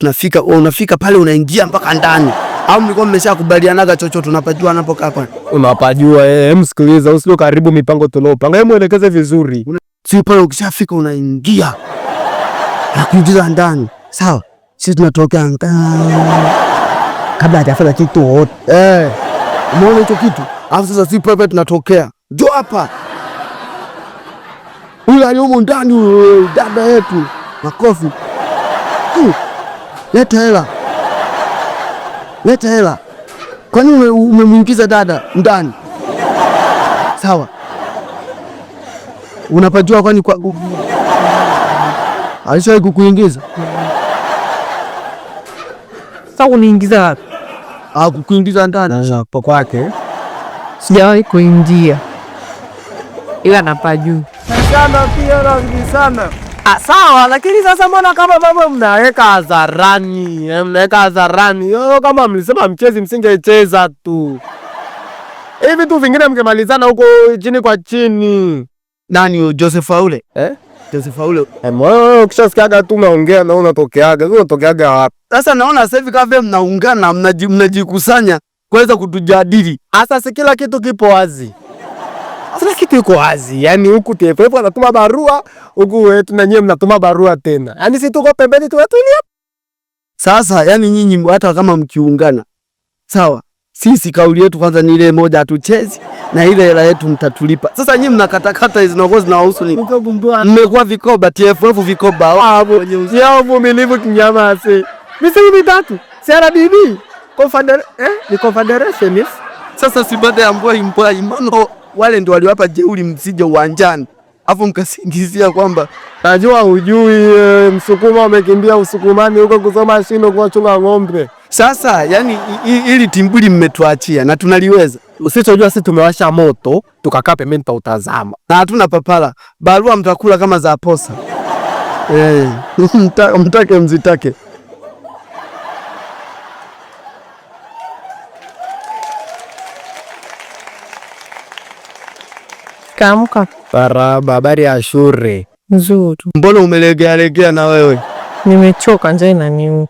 Unafika, unafika pale unaingia mpaka ndani. Au mlikuwa mmeshakubalianaga chochote tunapajua anapokaa hapa? Unapajua eh, msikiliza, usio karibu mipango tuliopanga. Hebu elekeze vizuri. Sio pale ukishafika unaingia. na Nakuingiza ndani. Sawa? Sisi tunatokea kabla hajafanya kitu. wote, Eh. Umeona hicho kitu? Alafu sasa sisi pale tunatokea. Njoo hapa. yule aliyomo ndani dada yetu. Makofi leta hela, leta hela. Kwa nini umemwingiza dada ndani? Sawa, unapajua kwani kwa... alishawahi kukuingiza? Sasa uniingiza wapi? Ah, kukuingiza ndani kwa kwake sijawahi kuingia, ila napajua sana pia rangi sana Ah, sawa lakini sasa mbona kama baba mnaweka hadharani, eh, mnaweka hadharani yo, kama mlisema mchezi msingecheza tu hivi tu, vingine mngemalizana huko chini kwa chini. Nani huyo Joseph Faule? Eh? Joseph Faule. Eh, wewe ukishasikiaga tu naongea na unatokeaga, unatokeaga wapi? Sasa naona sasa hivi kama mnaungana mnajikusanya kuweza kutujadili. Sasa si kila kitu kipo wazi. Sasa kitu iko wazi. Yaani huku TFF anatuma barua, huku wetu na nyinyi mnatuma barua tena. Yaani si tuko pembeni tu watu ile. Sasa yaani nyinyi hata kama mkiungana. Sawa. Sisi kauli yetu kwanza ni ile moja hatuchezi na ile hela yetu mtatulipa. Sasa nyinyi mnakatakata hizo na ngozi na wahusu nini? Mmekuwa vikoba TFF vikoba. Ah, hapo yao mumilivu kinyamasi. Misimu mitatu. bibi. Confederation eh? Ni Confederation. Sasa si baada ya mbwa imbwa imano wale ndio waliwapa jeuri msije uwanjani, afu mkasingizia kwamba najua hujui e, msukuma amekimbia usukumani huko kusoma shino kuwachunga ng'ombe. Sasa yani ili timbuli mmetuachia na tunaliweza usichojua, sisi tumewasha moto tukakaa pembeni tutazama, na hatuna papala. Barua mtakula kama za posa. Hey, eh. mtake mzitake Kaamka. Marahaba, habari ya shure? Nzuri. Mbona umelegea legea na wewe? Nimechoka, njaa inaniuma.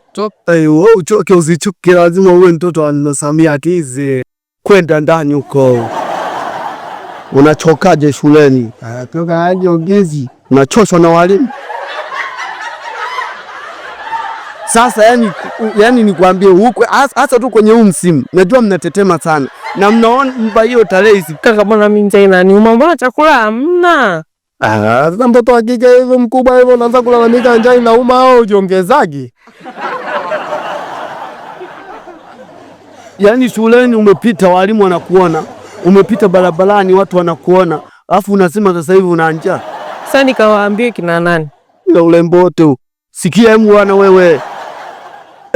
Wewe uchoke uzichuki lazima uwe mtoto wa Samia tizi. Kwenda ndani huko. Unachokaje shuleni? Anatoka aje ongezi? Unachoshwa na walimu? Sasa yani, yani nikwambie huko hasa tu kwenye huu msimu, najua mnatetema sana na mnaomba hiyo tarehe hizi. Kaka bwana, mimi mzee na niuma, mbona chakula hamna? Ah, sasa mtoto wa kike hivyo mkubwa hivyo unaanza kulalamika njaa inauma au ujongezagi? Yaani shuleni umepita, walimu wanakuona, umepita barabarani, watu wanakuona, alafu unasema sasa hivi una njaa. Sasa nikawaambie kina nani? Ila ule mbote, huu. Sikia, hemu wana wewe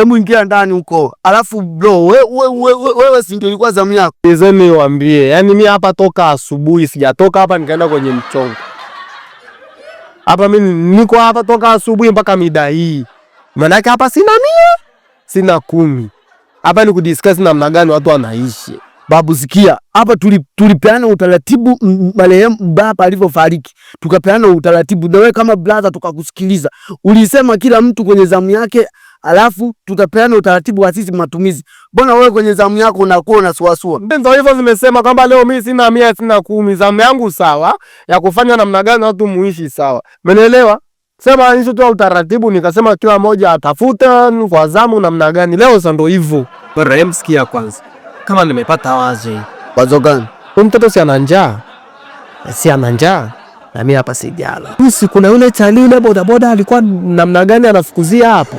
hebu ingia ndani huko, alafu bro, we, we, we, we, we, si ndio ilikuwa zamu yako? Nizeni niwaambie, yani mi hapa toka asubuhi sijatoka hapa nikaenda kwenye mchongo hapa. Mimi niko hapa toka asubuhi mpaka mida hii, maanake hapa sina mia sina kumi. Hapa ni kudiskasi namna gani watu wanaishi. Babu, sikia hapa, tulipeana utaratibu marehemu baba alivyofariki, tukapeana utaratibu na wewe kama brother tukakusikiliza. Ulisema kila mtu kwenye zamu yake alafu tutapeana utaratibu wa sisi matumizi. Mbona wewe kwenye zamu yako unakuwa unasuasua? Ndio hivyo zimesema kwamba leo mimi sina mia sina kumi, zamu yangu sawa ya kufanya namna gani watu muishi sawa, umeelewa? Sema hizo tu utaratibu, nikasema kila mmoja atafute kwa zamu namna gani. Leo sasa ndio hivyo. Msikia kwanza kama nimepata wazi. Wazo gani? Mtoto si ana njaa, si ana njaa na mimi hapa sijala. Usi Kuna yule chali yule bodaboda alikuwa namna gani anafukuzia hapo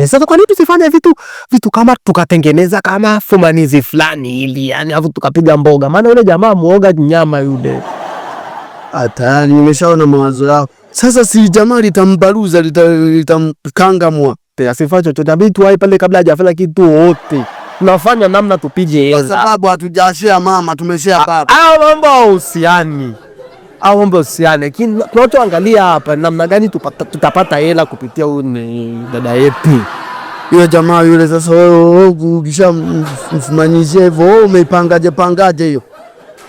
Eh, sasa kwa nini tusifanye vitu vitu kama tukatengeneza kama fumanizi fulani ili yani, afu tukapiga mboga? Maana yule jamaa muoga nyama yule. Hata nimeshaona mawazo yako. Sasa si jamaa litambaruza litamkangamwa, asifanye chochote, inabidi tuwai pale kabla hajafanya kitu wote tunafanya namna tupige hela, kwa sababu hatujashare mama, tumeshare ah, baba. Hao mambo hahusiani au mambo usiane, lakini tunachoangalia hapa namna gani tutapata hela kupitia huyu ni dada yetu yule jamaa yule. Sasa wewe ukisha mfumanyizia hivyo, wewe umeipangaje pangaje hiyo?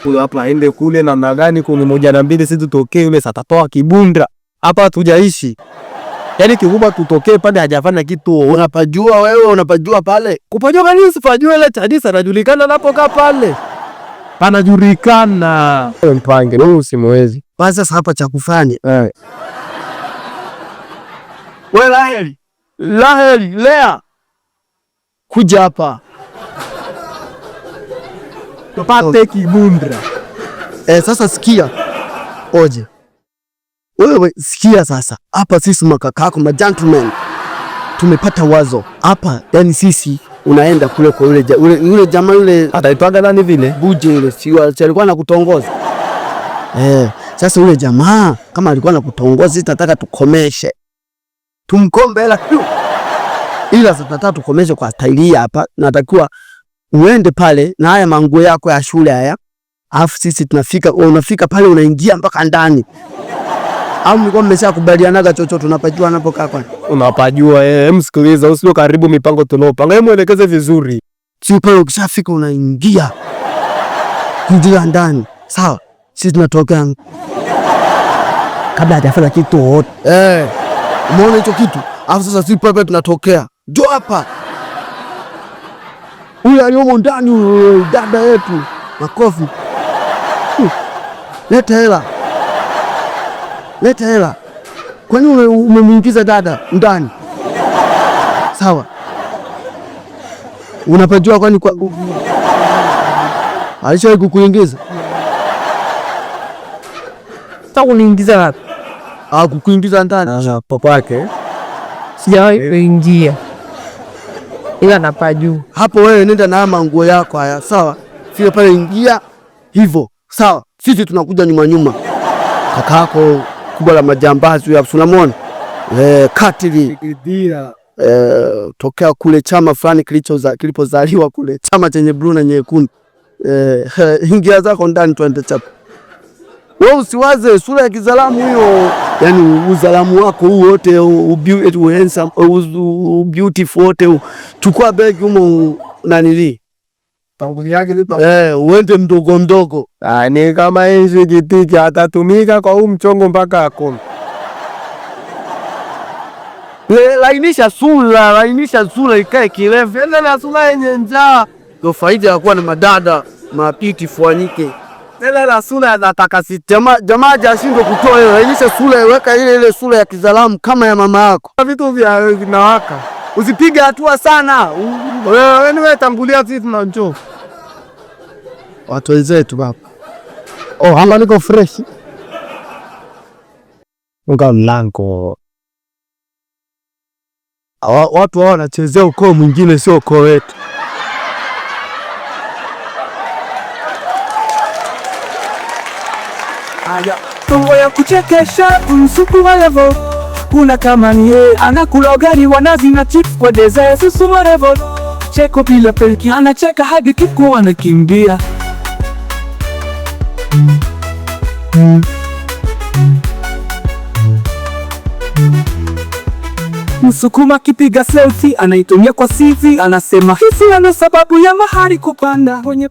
Huyo hapa aende kule namna gani? kuni moja na mbili, si tutokee yule satatoa kibunda hapa, hatujaishi yani kikubwa tutokee pale, hajafanya kitu. Unapajua wewe, unapajua pale kupajua, kani Usifajua ile chadisa anajulikana napokaa pale panajulikana. Mpange usimwezi kwanza. Sasa hapa cha kufanya eh. we Laheli, Laheli, Lea, kuja hapa tupate kibundra. Eh, sasa sikia, oje wewe, sikia sasa hapa, sisi makakako ma gentlemen tumepata wazo hapa, yani sisi unaenda kule kwa yule yule yule jamaa yule, ataitwaga nani vile, buje yule, si alikuwa anakutongoza eh? Sasa yule jamaa kama alikuwa anakutongoza, sisi tunataka tukomeshe, tumkombe hela tu, ila sasa tunataka tukomeshe kwa staili hapa. Natakiwa uende pale na haya manguo yako ya shule haya, afu sisi tunafika, unafika pale unaingia mpaka ndani au mlikuwa mmeshakubalianaga chochote unapajua anapokaa kwani? Unapajua eh, msikiliza, usio karibu mipango tunaopanga, Hebu mwelekeze vizuri. Si pale ukishafika unaingia. Ndio ndani. Sawa. Sisi tunatoka kabla hajafanya kitu wote. Eh. Umeona hicho kitu? Afu sasa sisi pale tunatokea. Ndio hapa. Huyu aliyomo ndani dada yetu. Makofi. Leta hela leta hela. Kwa nini umemwingiza dada ndani? Sawa, unapajua kwani kwa... alishawahi kukuingiza? Takuniingiza wapi? Ah, kukuingiza ndani papake sijawahi kuingia, ila napajua. Hapo wewe nenda na manguo yako haya, sawa, sio pale, ingia hivyo, sawa. Sisi tunakuja nyuma nyuma, kakako kubwa la majambazi ya unamwona eh, katili dira eh, tokea kule chama fulani kilicho za, kilipozaliwa kule chama chenye blue na nyekundu eh, ingia zako ndani twende chapa wewe usiwaze sura ya kizalamu hiyo, yani uzalamu wako huu wote ubeautiful wote, chukua begi humo nanili Eh, uende mdogo mdogo. Ah, ni kama enzi kitiki atatumika kwa huu mchongo mpaka akome. Le, lainisha sura, lainisha sura ikae kirefu. Enda na sura yenye njaa. Ndio faida ya kuwa na madada mapiti fuanike. Tena na sura anataka si jamaa jamaa jashindwe kutoa hiyo. Lainisha sura weka ile ile sura ya kizalamu kama ya mama yako. Vitu vya vinawaka. Usipige hatua sana. Wewe wewe tangulia sisi tuna watu wenzetu baba. Oh, hapa niko fresh. Funga mlango. Watu hao wanachezea ukoo mwingine, sio ukoo wetu. Aya, tumbo ya kuchekesha msupu wa level. Kuna kama ni yeye anakula ugali wanazi na chip kwa dessert, susu wa levo. Cheko pila pelki, anacheka hadi kiku anakimbia. Msukuma kipiga selfie anaitumia kwa CV, anasema hizi ana sababu ya mahari kupanda kwenye